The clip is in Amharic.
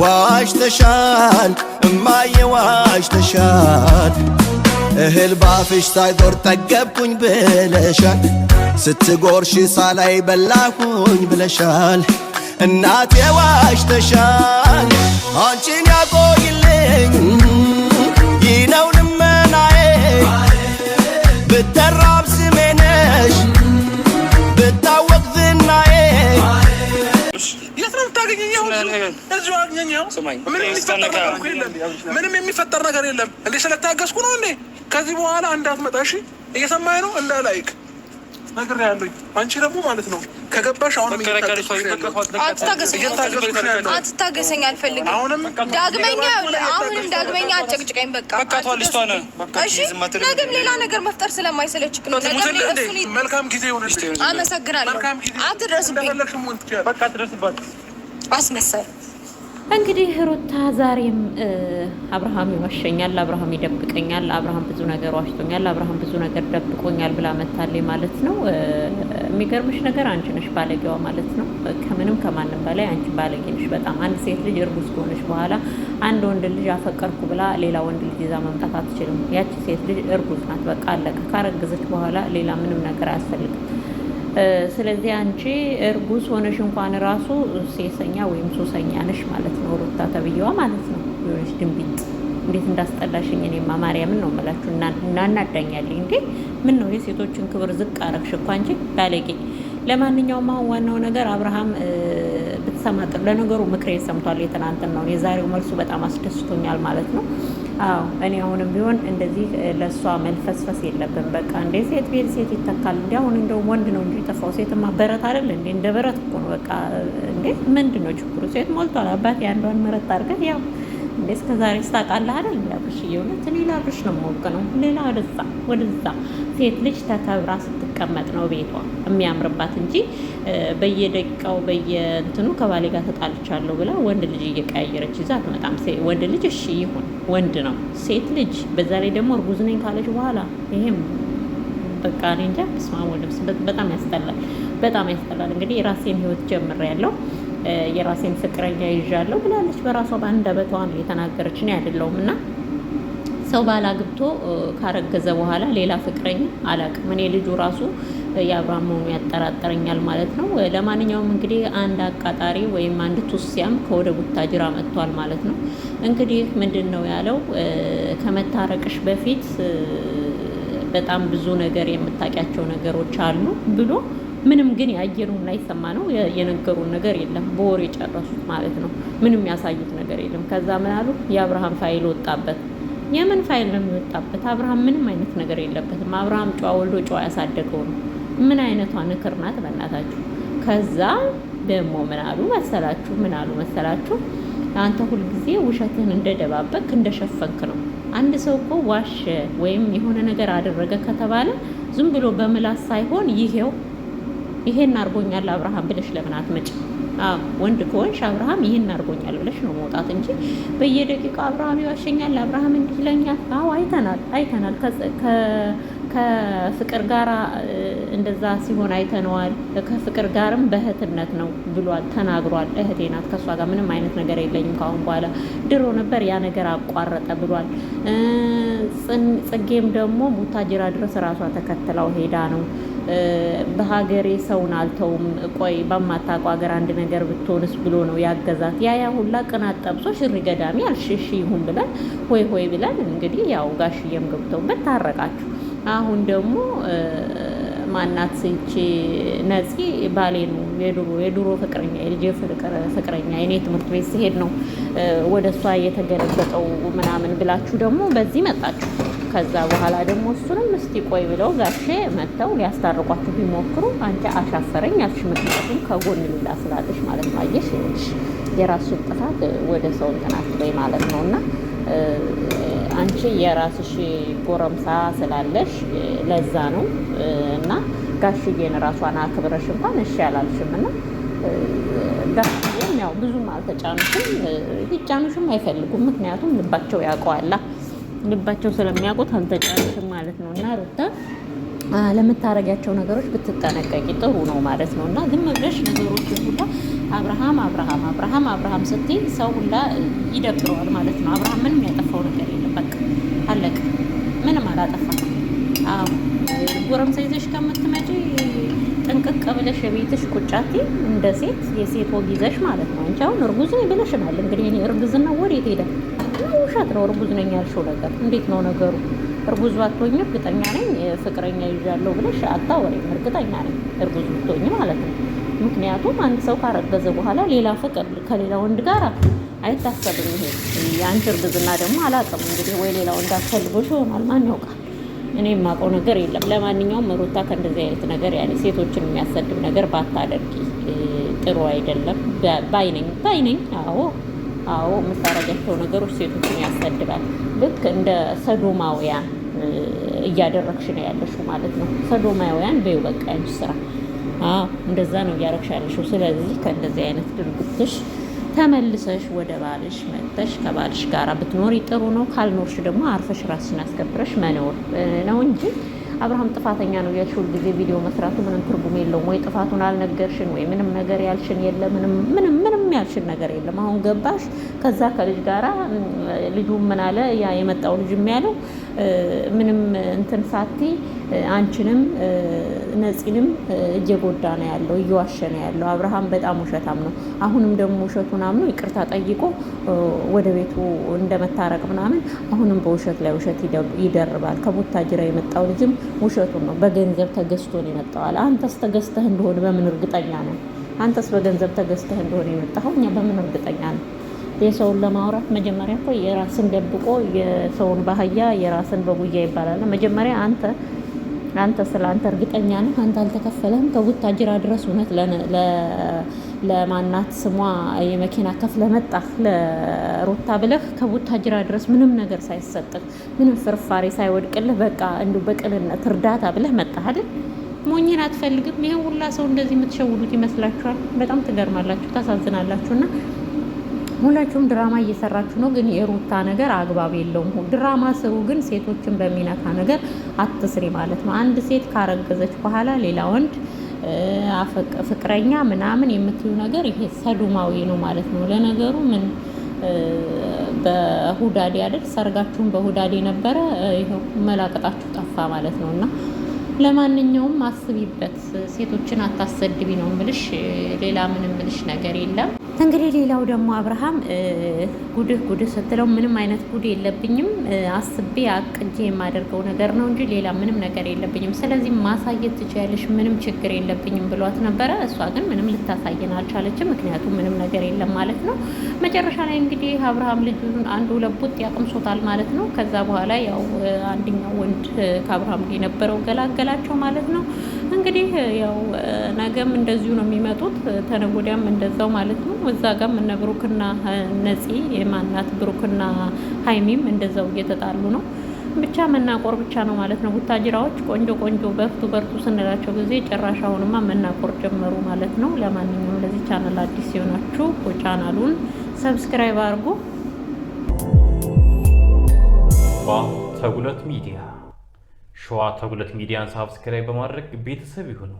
ዋሽተሻል እማዬ ዋሽተሻል እህል ባፍሽ ሳይዞር ጠገብኩኝ ብለሻል ስትጎርሽ ሳላይ በላኩኝ ብለሻል እናቴ ዋሽተሻል አንቺን ያቆይልኝ ይነው ልመናዬ ብተራብ ምንም የሚፈጠር ነገር የለም። እንዴ ስለታገስኩ ነው እንዴ? ከዚህ በኋላ እንዳትመጣ እሺ? እየሰማኝ ነው እንዳላይክ ነገር ያለኝ አንቺ ደግሞ ማለት ነው ከገባሽ አሁንም አትታገሰኝ፣ አልፈልግም። አሁንም ዳግመኛ አሁንም ዳግመኛ አጨቅጭቀኝ። በቃ ነገም ሌላ ነገር መፍጠር ስለማይሰለችክ ነው። መልካም ጊዜ ይሁንልሽ። አመሰግናለሁ። አትድረስብኝ። አስመሳይ። እንግዲህ ሩታ ዛሬም አብርሃም ይዋሸኛል፣ አብርሃም ይደብቀኛል፣ አብርሃም ብዙ ነገር ዋሽቶኛል፣ አብርሃም ብዙ ነገር ደብቆኛል ብላ መታለች ማለት ነው። የሚገርምሽ ነገር አንቺ ነሽ ባለጌዋ ማለት ነው። ከምንም ከማንም በላይ አንቺ ባለጌ ነሽ በጣም። አንድ ሴት ልጅ እርጉዝ ከሆነች በኋላ አንድ ወንድ ልጅ አፈቀርኩ ብላ ሌላ ወንድ ልጅ ይዛ መምጣት አትችልም። ያቺ ሴት ልጅ እርጉዝ ናት፣ በቃ አለቀ። ካረገዘች በኋላ ሌላ ምንም ነገር አያስፈልግም። ስለዚህ አንቺ እርጉዝ ሆነሽ እንኳን ራሱ ሴሰኛ ወይም ሱሰኛ ነሽ ማለት ነው፣ ሩታ ተብዬዋ ማለት ነው። የሆነች ድንቢጥ እንዴት እንዳስጠላሽኝ እኔማ ማርያምን ነው የምላችሁ። እናናዳኛለኝ እንዴ! ምን ነው የሴቶችን ክብር ዝቅ አረግሽ እኮ አንቺ ባለጌ። ለማንኛውም አሁን ዋናው ነገር አብርሃም ብትሰማጥር፣ ጥሩ። ለነገሩ ምክሬ ሰምቷል፣ የትናንትናውን የዛሬው መልሱ በጣም አስደስቶኛል ማለት ነው። አዎ እኔ አሁንም ቢሆን እንደዚህ ለእሷ መልፈስፈስ የለብን። በቃ እንደ ሴት ቤት ሴት ይተካል። እንዲ አሁን እንደው ወንድ ነው እንጂ ጠፋው። ሴትማ በረት አይደል እንዴ? እንደ በረት እኮ ነው። በቃ እንዴ ምንድን ነው ችግሩ? ሴት ሞልቷል። አባት የአንዷን መረት አድርገህ ያው እንደ እስከ ዛሬ ስታውቃለህ አይደል? ላብሽ እየሆነ ሌላ ብሽ ነው የማውቅ ነው ሌላ ወደዛ ወደዛ ሴት ልጅ ተከብራ ስት የምትቀመጥ ነው ቤቷ የሚያምርባት እንጂ በየደቂቃው በየእንትኑ ከባሌ ጋር ተጣልቻለሁ ብላ ወንድ ልጅ እየቀያየረች ይዛ አትመጣም። ወንድ ልጅ እሺ ይሁን ወንድ ነው። ሴት ልጅ በዛ ላይ ደግሞ እርጉዝ ነኝ ካለች በኋላ ይሄም በቃ እኔ እንጃ ስማ፣ በጣም ያስጠላል፣ በጣም ያስጠላል። እንግዲህ የራሴን ህይወት ጀምሬያለሁ የራሴን ፍቅረኛ ይዣለሁ ብላለች። በራሷ በአንደበቷ ነው የተናገረች፣ እኔ አይደለሁም እና ሰው አግብቶ ካረገዘ በኋላ ሌላ ፍቅረኛ አላቅም። እኔ ልጁ ራሱ የአብርሃም መሆኑ ያጠራጠረኛል ማለት ነው። ለማንኛውም እንግዲህ አንድ አቃጣሪ ወይም አንድ ቱሲያም ከወደ ቡታጅራ መጥቷል ማለት ነው። እንግዲህ ምንድን ነው ያለው ከመታረቅሽ በፊት በጣም ብዙ ነገር የምታውቂያቸው ነገሮች አሉ ብሎ ምንም ግን ያየሩን ላይ ሰማ ነው የነገሩን ነገር የለም። በወር የጨረሱት ማለት ነው። ምንም ያሳዩት ነገር የለም። ከዛ ምናሉ የአብርሃም ፋይል ወጣበት የምን ፋይል ነው የሚወጣበት? አብርሃም ምንም አይነት ነገር የለበትም። አብርሃም ጨዋ ወልዶ ጨዋ ያሳደገው ነው። ምን አይነቷ ንክር ናት በእናታችሁ። ከዛ ደግሞ ምን አሉ መሰላችሁ? ምን አሉ መሰላችሁ? አንተ ሁልጊዜ ውሸትህን እንደደባበክ እንደሸፈንክ ነው። አንድ ሰው እኮ ዋሸ ወይም የሆነ ነገር አደረገ ከተባለ ዝም ብሎ በምላስ ሳይሆን ይሄው ይሄን አድርጎኛል አብርሃም ብለሽ ለምን አትመጭ? ወንድ ከሆንሽ አብርሃም ይህን አድርጎኛል ብለሽ ነው መውጣት እንጂ በየደቂቃ አብርሃም ይዋሸኛል፣ አብርሃም እንዲህ ይለኛል። አዎ አይተናል አይተናል። ከፍቅር ጋር እንደዛ ሲሆን አይተነዋል። ከፍቅር ጋርም በእህትነት ነው ብሏል ተናግሯል። እህቴ ናት፣ ከእሷ ጋር ምንም አይነት ነገር የለኝም ካሁን በኋላ ድሮ ነበር ያ ነገር አቋረጠ ብሏል። ጽጌም ደግሞ ቡታጅራ ድረስ ራሷ ተከትለው ሄዳ ነው በሀገሬ ሰውን አልተውም፣ ቆይ በማታውቀው ሀገር አንድ ነገር ብትሆንስ ብሎ ነው ያገዛት። ያ ያ ሁላ ቅናት ጠብሶ ሽሪ ገዳሚ አልሽሽ ይሁን ብለን ሆይ ሆይ ብለን እንግዲህ ያው ጋሽዬም ገብተውበት ታረቃችሁ። አሁን ደግሞ ማናት ስንቺ ነፂ ባሌ ነው የድሮ የድሮ ፍቅረኛ የልጅ ፍቅረኛ የኔ ትምህርት ቤት ሲሄድ ነው ወደ እሷ እየተገለበጠው ምናምን ብላችሁ ደግሞ በዚህ መጣችሁ። ከዛ በኋላ ደግሞ እሱንም እስቲ ቆይ ብለው ጋሼ መጥተው ሊያስታርቋችሁ ቢሞክሩ አንቺ አሻፈረኝ አልሽ። ምክንያቱም ከጎን ሌላ ስላለሽ ማለት ነው። አየሽ የራሱ ጥፋት ወደ ሰው እንትን አትበይ ማለት ነው እና አንቺ የራስሽ ጎረምሳ ስላለሽ ለዛ ነው እና ጋሽዬን ራሷን አክብረሽ እንኳን እሺ አላልሽም እና ጋሽዬም ያው ብዙም አልተጫኑሽም፣ ሊጫኑሽም አይፈልጉም። ምክንያቱም ልባቸው ያውቀዋላ ልባቸው ስለሚያውቁት አልተጫኑሽም ማለት ነው እና ሩታ ለምታረጊያቸው ነገሮች ብትጠነቀቂ ጥሩ ነው ማለት ነው እና ግን መብለሽ ነገሮችን ሁላ አብርሃም አብርሃም አብርሃም አብርሃም ስትይ ሰው ሁላ ይደብረዋል ማለት ነው። አብርሃም ምንም ያጠፋው ነገር የለበት አለቅ ምንም አላጠፋ። አዎ ጎረምሳ ይዘሽ ከምትመጪ ጥንቅቅ ብለሽ የቤትሽ ቁጫቴ እንደ ሴት የሴት ወግ ይዘሽ ማለት ነው። አንቺ አሁን እርጉዝ ነኝ ብለሽናል። እንግዲህ እኔ እርግዝና ወዴት ሄደ? ውሸት ነው። እርጉዝ ነኝ ያልሽው ነገር እንዴት ነው ነገሩ? እርጉዝ ባትሆኝ እርግጠኛ ነኝ ፍቅረኛ ይዣለሁ ብለሽ አታወሪም። እርግጠኛ ነኝ እርጉዝ ብትሆኝ ማለት ነው። ምክንያቱም አንድ ሰው ካረገዘ በኋላ ሌላ ፍቅር ከሌላ ወንድ ጋር አይታሰብም። ይሄ የአንቺ እርግዝና ደግሞ አላውቅም እንግዲህ ወይ ሌላው እንዳትፈልጎሽ ይሆናል። ማን ያውቃል? እኔ የማውቀው ነገር የለም። ለማንኛውም ሩታ ከእንደዚህ አይነት ነገር ያኔ ሴቶችን የሚያሰድብ ነገር ባታደርጊ ጥሩ አይደለም ባይነኝ ባይነኝ። አዎ አዎ፣ የምታረጋቸው ነገሮች ሴቶችን ያሰድባል። ልክ እንደ ሰዶማውያን እያደረግሽ ነው ያለሽ ማለት ነው። ሰዶማውያን በይ በቃ ያንቺ ስራ እንደዛ ነው እያረግሽ ያለሽው። ስለዚህ ከእንደዚህ አይነት ድርግትሽ ተመልሰሽ ወደ ባልሽ መጥተሽ ከባልሽ ጋር ብትኖሪ ጥሩ ነው። ካልኖርሽ ደግሞ አርፈሽ ራስሽን አስከብረሽ መኖር ነው እንጂ አብርሃም ጥፋተኛ ነው ያልሽ ሁልጊዜ ቪዲዮ መስራቱ ምንም ትርጉም የለውም። ወይ ጥፋቱን አልነገርሽን ወይ ምንም ነገር ያልሽን የለ ምንም ምንም ያልሽን ነገር የለም። አሁን ገባሽ። ከዛ ከልጅ ጋራ ልጁ ምን አለ ያ የመጣው ልጅ የሚያለው ምንም እንትን ሳቲ አንቺንም ነፂንም እየጎዳ ነው ያለው፣ እየዋሸ ነው ያለው። አብርሃም በጣም ውሸታም ነው። አሁንም ደግሞ ውሸቱን አምኖ ይቅርታ ጠይቆ ወደ ቤቱ እንደመታረቅ ምናምን አሁንም በውሸት ላይ ውሸት ይደርባል። ከቡታጅራ የመጣው ልጅም ውሸቱን ነው። በገንዘብ ተገዝቶ ነው አንተስ ተገዝተህ እንደሆነ በምን እርግጠኛ ነው? አንተስ በገንዘብ ተገዝተህ እንደሆነ የመጣኸው እኛ በምን እርግጠኛ ነው? የሰውን ለማውራት መጀመሪያ እኮ የራስን ደብቆ የሰውን ባህያ የራስን በጉያ ይባላል። መጀመሪያ አንተ አንተ ስለ አንተ እርግጠኛ ነህ? አንተ አልተከፈለህም። ከቡታጅራ ድረስ እውነት ለማናት ስሟ የመኪና ከፍለ መጣህ ለሩታ ብለህ ከቡታጅራ ድረስ ምንም ነገር ሳይሰጥህ ምንም ፍርፋሪ ሳይወድቅልህ በቃ እንዱ በቅንነት እርዳታ ብለህ መጣህ አይደል? ሞኝን አትፈልግም። ይህን ሁላ ሰው እንደዚህ የምትሸውዱት ይመስላችኋል። በጣም ትገርማላችሁ፣ ታሳዝናላችሁ። እና ሁላችሁም ድራማ እየሰራችሁ ነው፣ ግን የሩታ ነገር አግባብ የለውም። ድራማ ስሩ፣ ግን ሴቶችን በሚነካ ነገር አትስሪ ማለት ነው። አንድ ሴት ካረገዘች በኋላ ሌላ ወንድ ፍቅረኛ ምናምን የምትሉ ነገር ይሄ ሰዱማዊ ነው ማለት ነው። ለነገሩ ምን በሁዳዴ አይደል ሰርጋችሁን በሁዳዴ ነበረ፣ ይኸው መላቀጣችሁ ጠፋ ማለት ነው እና ለማንኛውም አስቢበት፣ ሴቶችን አታሰድቢ ነው ምልሽ። ሌላ ምንም ምልሽ ነገር የለም። እንግዲህ ሌላው ደግሞ አብርሃም ጉድህ ጉድህ ስትለው ምንም አይነት ጉድ የለብኝም፣ አስቤ አቅጄ የማደርገው ነገር ነው እንጂ ሌላ ምንም ነገር የለብኝም፣ ስለዚህ ማሳየት ትችያለሽ፣ ምንም ችግር የለብኝም ብሏት ነበረ። እሷ ግን ምንም ልታሳየን አልቻለችም፣ ምክንያቱም ምንም ነገር የለም ማለት ነው። መጨረሻ ላይ እንግዲህ አብርሃም ልጁን አንዱ ለቡጥ ያቅምሶታል ማለት ነው። ከዛ በኋላ ያው አንደኛው ወንድ ከአብርሃም ነበረው ገላገል ገላቸው ማለት ነው። እንግዲህ ያው ነገም እንደዚሁ ነው የሚመጡት፣ ተነገ ወዲያም እንደዛው ማለት ነው። እዛ ጋም እነ ብሩክና ነፂ የማናት ብሩክና ሀይሚም እንደዛው እየተጣሉ ነው። ብቻ መናቆር ብቻ ነው ማለት ነው። ቡታጅራዎች ቆንጆ ቆንጆ በርቱ በርቱ ስንላቸው ጊዜ ጭራሽ አሁንማ መናቆር ጀመሩ ማለት ነው። ለማንኛውም ለዚህ ቻናል አዲስ ሲሆናችሁ ቻናሉን ሰብስክራይብ አድርጉ። ተጉለት ሚዲያ ሸዋ ተጉለት ሚዲያን ሳብስክራይብ በማድረግ ቤተሰብ ይሁኑ።